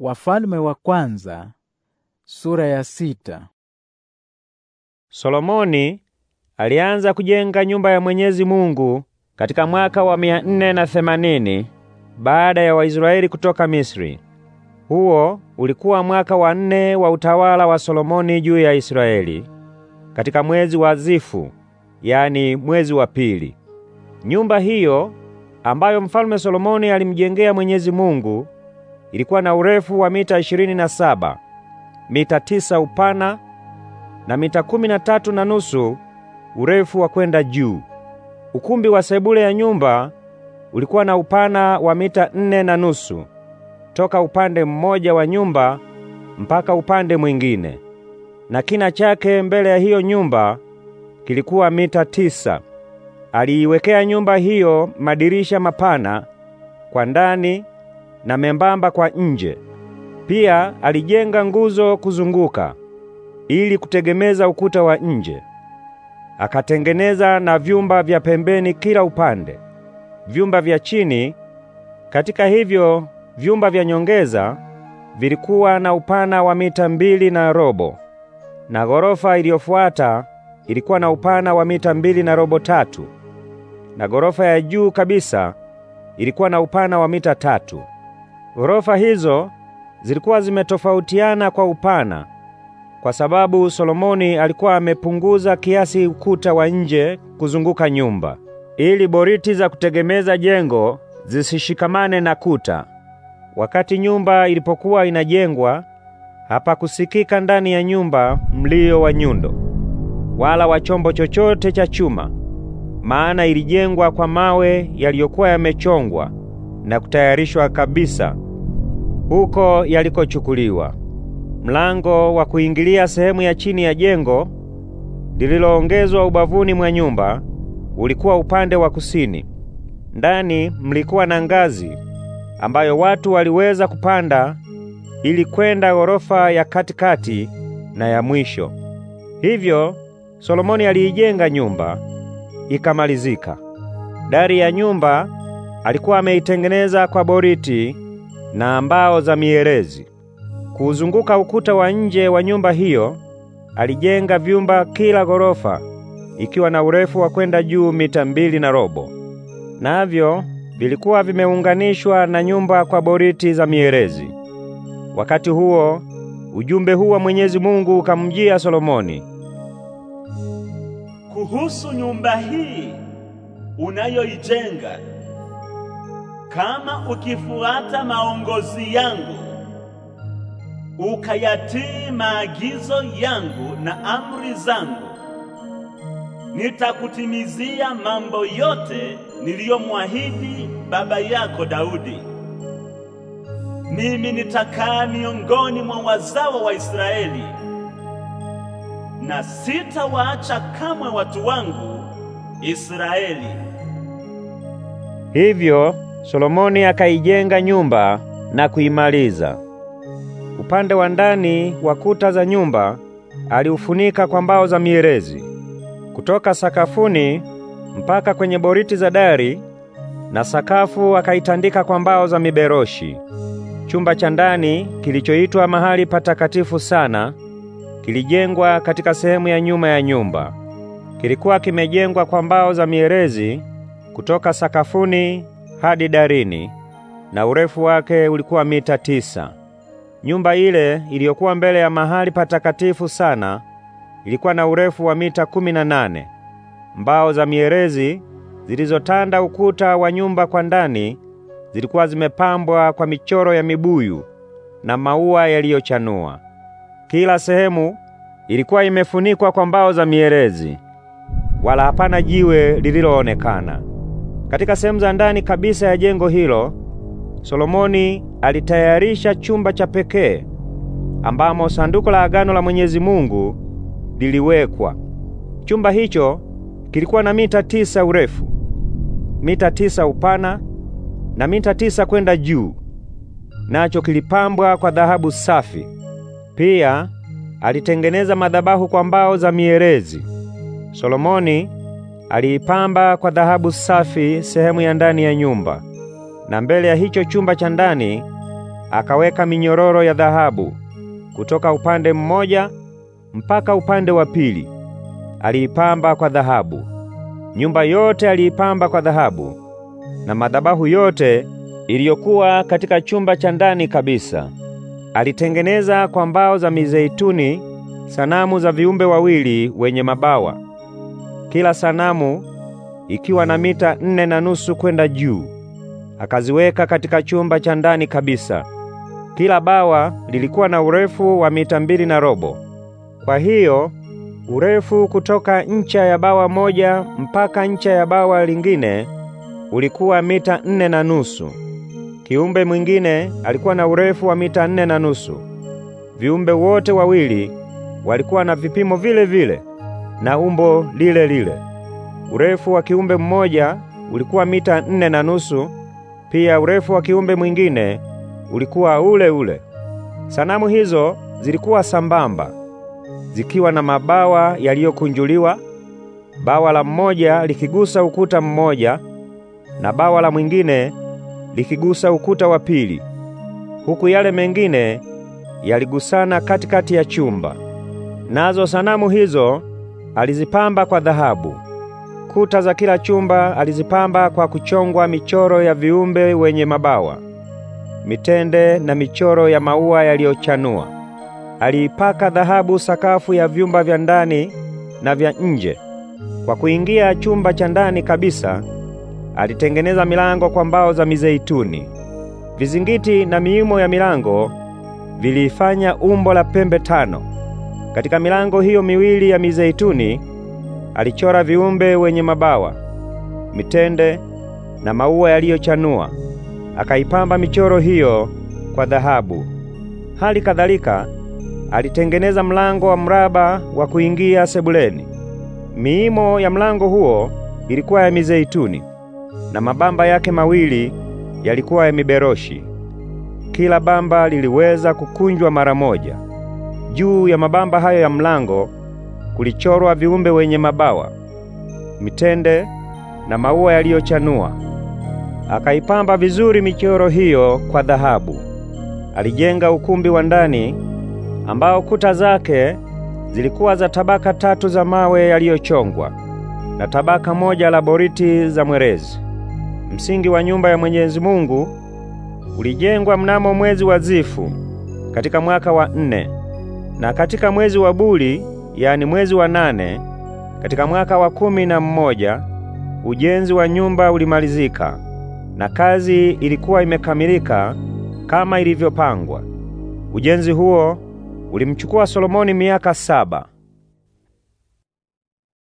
Wafalme wa kwanza sura ya sita. Solomoni alianza kujenga nyumba ya Mwenyezi Mungu katika mwaka wa mia nne na themanini baada ya Waisraeli kutoka Misri. Huo ulikuwa mwaka wa nne wa utawala wa Solomoni juu ya Israeli, katika mwezi wa Zifu, yani mwezi wa pili. Nyumba hiyo ambayo mfalme Solomoni alimjengea Mwenyezi Mungu Ilikuwa na urefu wa mita ishirini na saba, mita tisa upana na mita kumi na tatu na nusu urefu wa kwenda juu. Ukumbi wa sebule ya nyumba ulikuwa na upana wa mita nne na nusu toka upande mmoja wa nyumba mpaka upande mwingine, na kina chake mbele ya hiyo nyumba kilikuwa mita tisa. Aliiwekea nyumba hiyo madirisha mapana kwa ndani na membamba kwa nje. Pia alijenga nguzo kuzunguka ili kutegemeza ukuta wa nje. Akatengeneza na vyumba vya pembeni kila upande, vyumba vya chini. Katika hivyo vyumba vya nyongeza vilikuwa na upana wa mita mbili na robo, na ghorofa iliyofuata ilikuwa na upana wa mita mbili na robo tatu, na ghorofa ya juu kabisa ilikuwa na upana wa mita tatu. Ghorofa hizo zilikuwa zimetofautiana kwa upana, kwa sababu Solomoni alikuwa amepunguza kiasi ukuta wa nje kuzunguka nyumba, ili boriti za kutegemeza jengo zisishikamane na kuta. Wakati nyumba ilipokuwa inajengwa, hapakusikika ndani ya nyumba mlio wa nyundo wala wa chombo chochote cha chuma, maana ilijengwa kwa mawe yaliyokuwa yamechongwa na kutayarishwa kabisa huko yalikochukuliwa. Mlango wa kuingilia sehemu ya chini ya jengo lililoongezwa ubavuni mwa nyumba ulikuwa upande wa kusini. Ndani mlikuwa na ngazi ambayo watu waliweza kupanda ili kwenda ghorofa ya katikati na ya mwisho. Hivyo Solomoni aliijenga nyumba ikamalizika. Dari ya nyumba alikuwa ameitengeneza kwa boriti na mbao za mierezi. Kuuzunguka ukuta wa nje wa nyumba hiyo alijenga vyumba kila ghorofa ikiwa na urefu wa kwenda juu mita mbili na robo, navyo vilikuwa vimeunganishwa na nyumba kwa boriti za mierezi. Wakati huo ujumbe huu wa Mwenyezi Mungu ukamjia Solomoni kuhusu nyumba hii unayoijenga kama ukifuata maongozi yangu ukayatii maagizo yangu na amri zangu, nitakutimizia mambo yote niliyomwahidi baba yako Daudi. Mimi nitakaa miongoni mwa wazao wa Israeli na sitawaacha kamwe watu wangu Israeli. Hivyo Solomoni akaijenga nyumba na kuimaliza. Upande wa ndani wa kuta za nyumba aliufunika kwa mbao za mierezi, kutoka sakafuni mpaka kwenye boriti za dari, na sakafu akaitandika kwa mbao za miberoshi. Chumba cha ndani kilichoitwa mahali patakatifu sana kilijengwa katika sehemu ya nyuma ya nyumba. Kilikuwa kimejengwa kwa mbao za mierezi kutoka sakafuni hadi darini na urefu wake ulikuwa mita tisa. Nyumba ile iliyokuwa mbele ya mahali patakatifu sana ilikuwa na urefu wa mita kumi na nane. Mbao za mierezi zilizotanda ukuta wa nyumba kwa ndani zilikuwa zimepambwa kwa michoro ya mibuyu na maua yaliyochanua. Kila sehemu ilikuwa imefunikwa kwa mbao za mierezi, wala hapana jiwe lililoonekana. Katika sehemu za ndani kabisa ya jengo hilo, Solomoni alitayarisha chumba cha pekee ambamo sanduku la agano la Mwenyezi Mungu liliwekwa. Chumba hicho kilikuwa na mita tisa urefu, mita tisa upana na mita tisa kwenda juu, nacho kilipambwa kwa dhahabu safi. Pia alitengeneza madhabahu kwa mbao za mierezi. Solomoni Aliipamba kwa dhahabu safi sehemu ya ndani ya nyumba, na mbele ya hicho chumba cha ndani akaweka minyororo ya dhahabu kutoka upande mmoja mpaka upande wa pili. Aliipamba kwa dhahabu. Nyumba yote aliipamba kwa dhahabu, na madhabahu yote iliyokuwa katika chumba cha ndani kabisa. Alitengeneza kwa mbao za mizeituni sanamu za viumbe wawili wenye mabawa kila sanamu ikiwa na mita nne na nusu kwenda juu, akaziweka katika chumba cha ndani kabisa. Kila bawa lilikuwa na urefu wa mita mbili na robo. Kwa hiyo urefu kutoka ncha ya bawa moja mpaka ncha ya bawa lingine ulikuwa mita nne na nusu. Kiumbe mwingine alikuwa na urefu wa mita nne na nusu. Viumbe wote wawili walikuwa na vipimo vile vile na umbo lile lile. Urefu wa kiumbe mmoja ulikuwa mita nne na nusu, pia urefu wa kiumbe mwingine ulikuwa ule ule. Sanamu hizo zilikuwa sambamba, zikiwa na mabawa yaliyokunjuliwa, bawa la mmoja likigusa ukuta mmoja na bawa la mwingine likigusa ukuta wa pili, huku yale mengine yaligusana katikati ya chumba. Nazo sanamu hizo Alizipamba kwa dhahabu. Kuta za kila chumba alizipamba kwa kuchongwa michoro ya viumbe wenye mabawa, mitende na michoro ya maua yaliyochanua. Aliipaka dhahabu sakafu ya vyumba vya ndani na vya nje. Kwa kuingia chumba cha ndani kabisa, alitengeneza milango kwa mbao za mizeituni. Vizingiti na miimo ya milango viliifanya umbo la pembe tano. Katika milango hiyo miwili ya mizeituni alichora viumbe wenye mabawa, mitende na maua yaliyochanua, akaipamba michoro hiyo kwa dhahabu. Hali kadhalika alitengeneza mlango wa mraba wa kuingia sebuleni. Miimo ya mlango huo ilikuwa ya mizeituni na mabamba yake mawili yalikuwa ya miberoshi. Kila bamba liliweza kukunjwa mara moja. Juu ya mabamba hayo ya mlango kulichorwa viumbe wenye mabawa, mitende na maua yaliyochanua. Akaipamba vizuri michoro hiyo kwa dhahabu. Alijenga ukumbi wa ndani ambao kuta zake zilikuwa za tabaka tatu za mawe yaliyochongwa na tabaka moja la boriti za mwerezi. Msingi wa nyumba ya Mwenyezi Mungu ulijengwa mnamo mwezi wa Zifu katika mwaka wa nne na katika mwezi wa Buli, yani mwezi wa nane, katika mwaka wa kumi na mmoja, ujenzi wa nyumba ulimalizika na kazi ilikuwa imekamilika kama ilivyopangwa. Ujenzi huo ulimchukua Solomoni miaka saba.